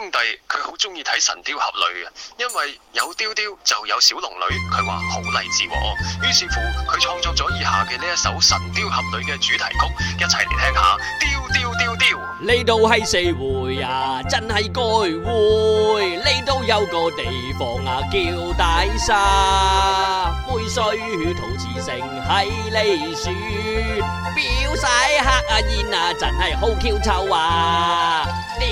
兄弟佢好中意睇《神雕俠侶》嘅，因為有雕雕就有小龍女，佢話好勵志。於是乎，佢創作咗以下嘅呢一首《神雕俠侶》嘅主題曲，一齊嚟聽，聽下。雕雕雕雕，雕，呢度係四會啊，真係該會。呢度有個地方啊，叫大沙，貝水陶瓷城喺呢樹表仔黑啊燕啊，真係好 Q 臭啊！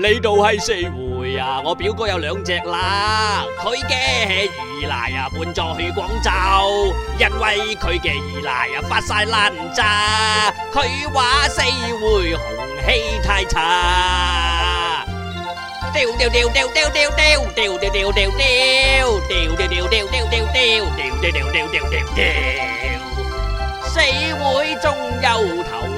呢度係四會啊，我表哥有兩隻乸，佢嘅二奶啊伴咗去廣州，因為佢嘅二奶啊發晒爛渣，佢話四會紅氣太差。掉掉掉有掉掉掉掉掉掉掉掉掉掉掉掉掉掉掉掉掉掉掉掉掉掉掉掉掉掉掉掉掉掉掉掉掉有掉